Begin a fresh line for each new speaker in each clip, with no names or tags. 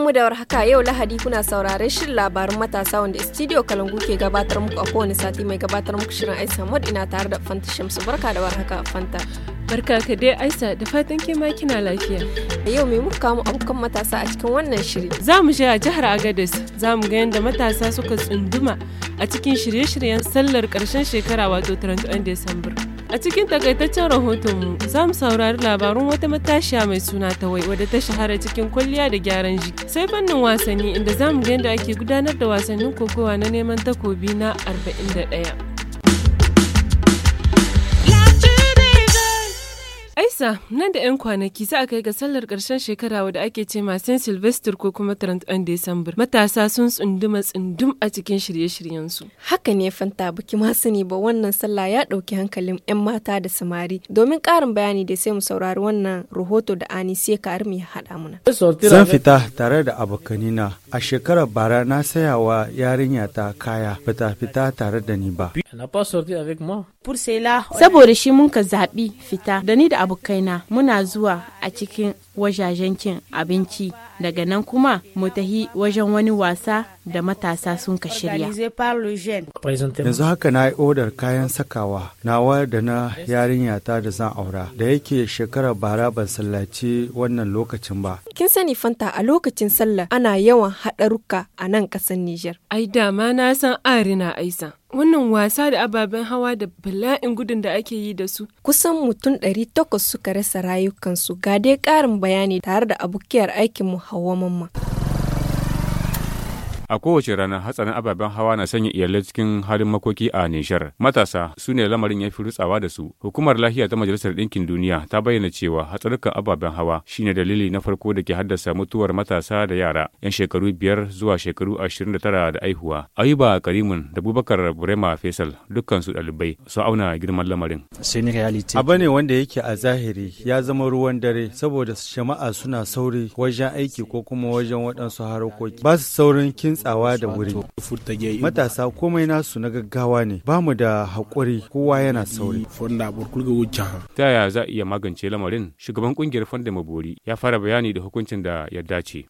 mu da warhaka yau lahadi kuna saurare shirin labarin matasa wanda studio kalangu ke gabatar muku a kowane sati mai gabatar muku shirin aisa mod ina tare da fanta shamsu barka da warhaka fanta Barka ka dai Aisha da fatan ke ma lafiya. A yau mai muka kamo abokan matasa a cikin wannan shiri? Za mu
a jihar Agadez, za mu ga yadda matasa suka tsunduma a cikin shirye-shiryen sallar ƙarshen shekara wato 31 December. A cikin takaitaccen rahotonmu za mu saurari labarun wata matashiya mai suna ta wai wadda ta shahara cikin kwalliya da gyaran jiki. Sai fannin wasanni inda za mu ga yadda ake gudanar da wasannin kokowa na neman takobi na 41. Hafsa, nan da 'yan kwanaki za a kai ga sallar ƙarshen shekara wadda ake ce san Sylvester ko kuma 31 Desambar. Matasa sun tsunduma tsundum a cikin shirye shiryen su.
Haka ne fanta baki masu ne ba wannan sallah ya ɗauki hankalin 'yan mata da samari. Domin ƙarin bayani da sai mu saurari wannan rahoto da ani ka mu ya haɗa muna. Zan fita
tare da abokanina. A shekarar bara na saya wa yarinya ta kaya bata fita tare da ni ba.
Saboda shi mun ka zaɓi fita da ni da abokan abokaina muna zuwa a cikin wajajen cin abinci daga nan kuma mu tahi wajen wani wasa da matasa sun ka shirya.
Yanzu haka na yi odar kayan sakawa, nawa da na yarinya ta da zan aura, da yake shekarar bara ban sallaci wannan lokacin ba.
Kin sani fanta a lokacin sallah ana yawan haɗaruka a nan ƙasar Nijar. Ai dama na san arina aisa. wannan wasa
da ababen hawa da bala'in gudun da ake yi da su.
Kusan mutum 800 suka rasa rayukansu ga dai ƙarin bayani tare da abokiyar aikinmu hawa Mamma.
A kowace rana hatsarin ababen hawa na sanya iyalai cikin halin makoki a Nijar. Matasa su ne lamarin ya fi rutsawa da su. Hukumar lafiya ta Majalisar Ɗinkin Duniya ta bayyana cewa hatsarukan ababen hawa shine dalili na farko da ke haddasa mutuwar matasa da yara 'yan shekaru biyar zuwa shekaru ashirin da tara da aihuwa. Ayuba Karimun da Bubakar Burema Faisal dukkansu ɗalibai su auna girman lamarin.
Abu ne wanda yake a zahiri ya zama ruwan dare saboda jama'a suna sauri wajen aiki ko kuma wajen waɗansu harkoki. Ba su saurin kin rantsawa da wuri. Matasa komai nasu na gaggawa ne, ba mu da haƙuri kowa yana sauri.
Ta ya za a iya magance lamarin? Shugaban kungiyar Fanda Mabori ya fara bayani da hukuncin da ya dace.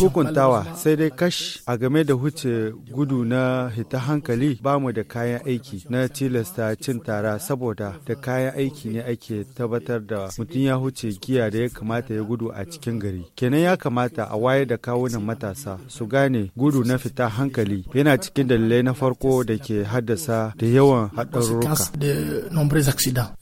Hukuntawa
sai dai kash a game da huce gudu na hita hankali ba mu da kayan aiki na tilasta cin tara saboda da kayan aiki ne ake tabbatar da mutum ya huce giya da ya kamata ya gudu a cikin gari. Kenan ya kamata a wayar da kawunan matasa su gane gudu na na fita hankali yana cikin dalilai na farko da ke haddasa da yawan haɗarurruka.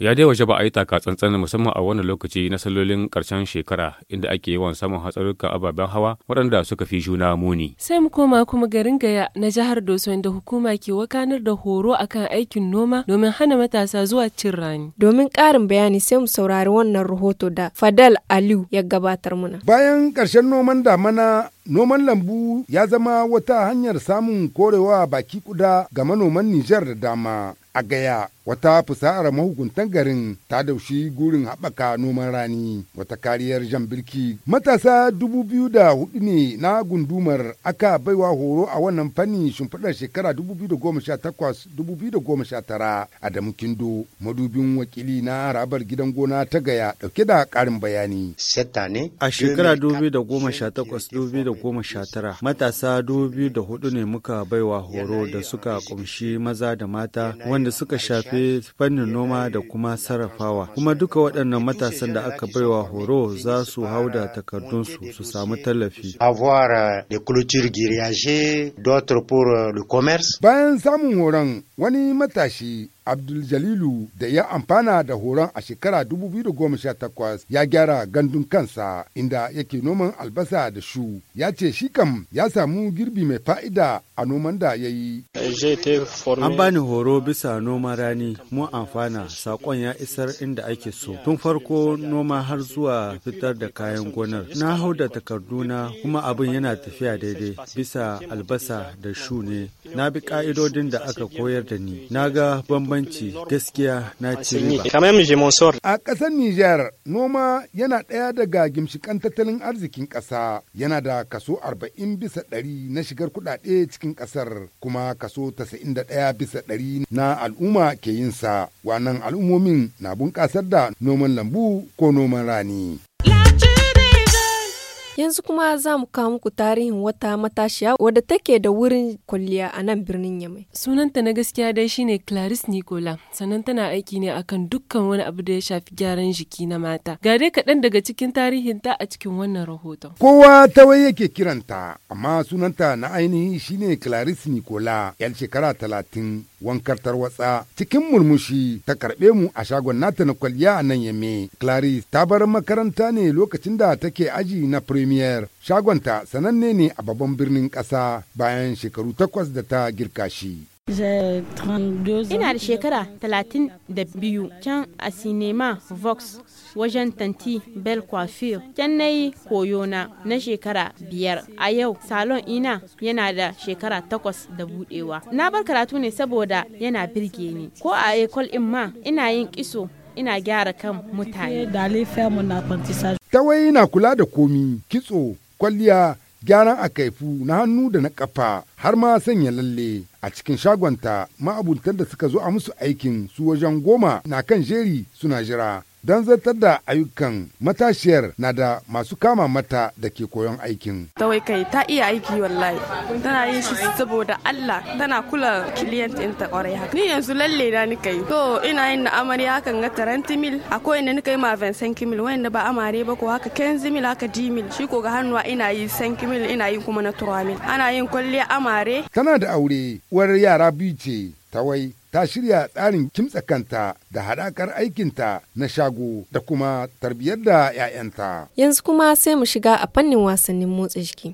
Ya dai waje ba a yi taka tsantsan musamman a wannan lokaci na salolin ƙarshen shekara inda ake yawan samun hatsarurruka ababen hawa waɗanda suka fi juna muni.
Sai mu koma kuma garin Gaya na jihar Doso inda hukuma ke wakanar da horo akan aikin noma domin hana matasa zuwa cin rani.
Domin karin bayani sai mu saurari wannan rahoto da Fadal Aliyu ya gabatar muna.
Bayan karshen noman damana Noman lambu ya zama wata hanyar samun korewa baki kuda ga manoman Nijar da dama a gaya. wata fusara mahukuntan garin ta daushi gurin haɓaka noman rani wata kariyar jan birki matasa dubu biyu da hudu ne na gundumar aka baiwa horo a wannan fanni shimfiɗar shekara dubu dubu biyu biyu da da goma goma sha takwas tara a adamu kindo madubin wakili na harabar gidan gona ta gaya ɗauke da ƙarin bayani a shekara
sha tara matasa dubu biyu da hudu ne muka baiwa horo da suka kumshi maza da mata wanda suka shafi shafi fannin noma da kuma sarrafawa kuma duka waɗannan matasan da aka baiwa horo za su hau da takardunsu su samu tallafi euh,
euh, bayan samun horon wani matashi Abdul Jalilu da ya amfana da horon a shekara 2018 ya gyara gandun kansa inda yake noman albasa da shu. Ya ce shi kam ya samu girbi mai fa'ida a noman da ya yi. An bani
horo bisa noma rani mu amfana sakon ya isar inda ake so. Tun farko noma har zuwa fitar da kayan gonar. Na hau da takarduna kuma abin yana tafiya daidai bisa albasa da shu ne. Na bi ka'idodin da aka koyar da ni. Na
ga bambanci bambanci gaskiya na ce A ƙasar Nijar, noma yana ɗaya daga gimshikan tattalin arzikin ƙasa, yana da kaso 40 bisa ɗari na shigar kuɗaɗe cikin ƙasar, kuma kaso 91 bisa ɗari na al'umma ke yinsa. Wannan al'ummomin na bunƙasar da noman lambu ko noman rani.
Yanzu kuma za mu kawo muku tarihin wata matashiya wadda take da wurin kwalliya a nan birnin Yamai. Sunanta na gaskiya dai shine
Clarice Nicola, sannan tana aiki ne akan dukkan wani abu da ya shafi gyaran jiki na mata. Ga dai kaɗan daga cikin tarihin ta a cikin wannan rahoton.
Kowa ta wai yake kiranta, amma sunanta na ainihi shine Clarice Nicola, 'yan shekara talatin wankar watsa cikin murmushi ta karɓe mu a shagon nata na kwalliya a nan Yame. Clarice ta bar makaranta ne lokacin da take aji na pre premier shagonta sananne ne a babban birnin ƙasa bayan shekaru takwas da ta girka shi
Ina da shekara 32 can a sinema Vox wajen tanti Bel Coiffure can na yi koyona na shekara biyar. A yau salon ina yana da shekara takwas da budewa. Na bar karatu ne saboda yana birge ni. Ko a ekol in ma ina yin kiso ina gyara kan mutane.
wai na kula da komi, kitso, kwalliya, gyaran akaifu na hannu da na kafa har ma sanya lalle a cikin shagonta ma'abuntan da suka zo a musu aikin su wajen goma na kan jeri suna jira don zartar da ayyukan matashiyar na da masu kama mata da ke koyon aikin.
Tawai kai ta iya aiki wallahi tana yin shi saboda Allah tana kula client in ta kwarai haka. Ni yanzu lalle na ni kai to ina yin na hakan ga taranti mil akwai ina ni kai ma 25 mil wanda ba amare ba ko haka 15 mil haka di mil shi ko ga hannuwa ina yi 5 mil ina yi kuma na 3 ana yin kwalliya amare.
Tana da aure uwar yara biyu ce tawai ta shirya tsarin kimtsa kanta da haɗakar aikinta na shago da kuma tarbiyyar da 'ya'yanta.
Yanzu kuma sai mu shiga a fannin wasannin motsa jiki.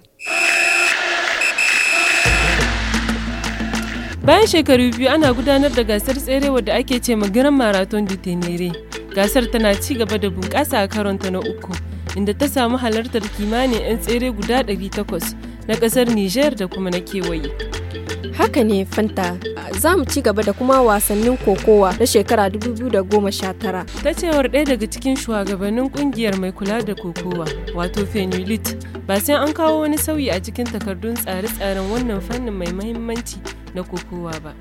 Bayan shekaru biyu ana gudanar da gasar
tsere wadda ake ce magiran Marathon du Tenere. Gasar tana ci gaba da bunƙasa a karonta na uku, inda ta samu halartar kimanin 'yan tsere guda 800 na ƙasar Nijar da kuma na kewaye.
Haka ne Fanta, za mu ci gaba da kuma wasannin kokowa na shekara 2019.
Ta cewar ɗaya daga cikin shugabannin kungiyar mai kula da kokowa, wato Fenulit, ba sai an kawo wani sauyi a cikin takardun tsare-tsaren wannan fannin mai mahimmanci na kokowa ba.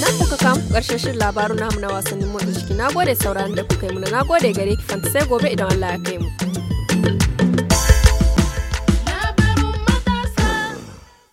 na kuka kamu karshen shirin labaru namu na wasannin motsa jiki na gode sauraron da kuka yi muna na gode gare ki fanta sai gobe idan Allah ya kai mu.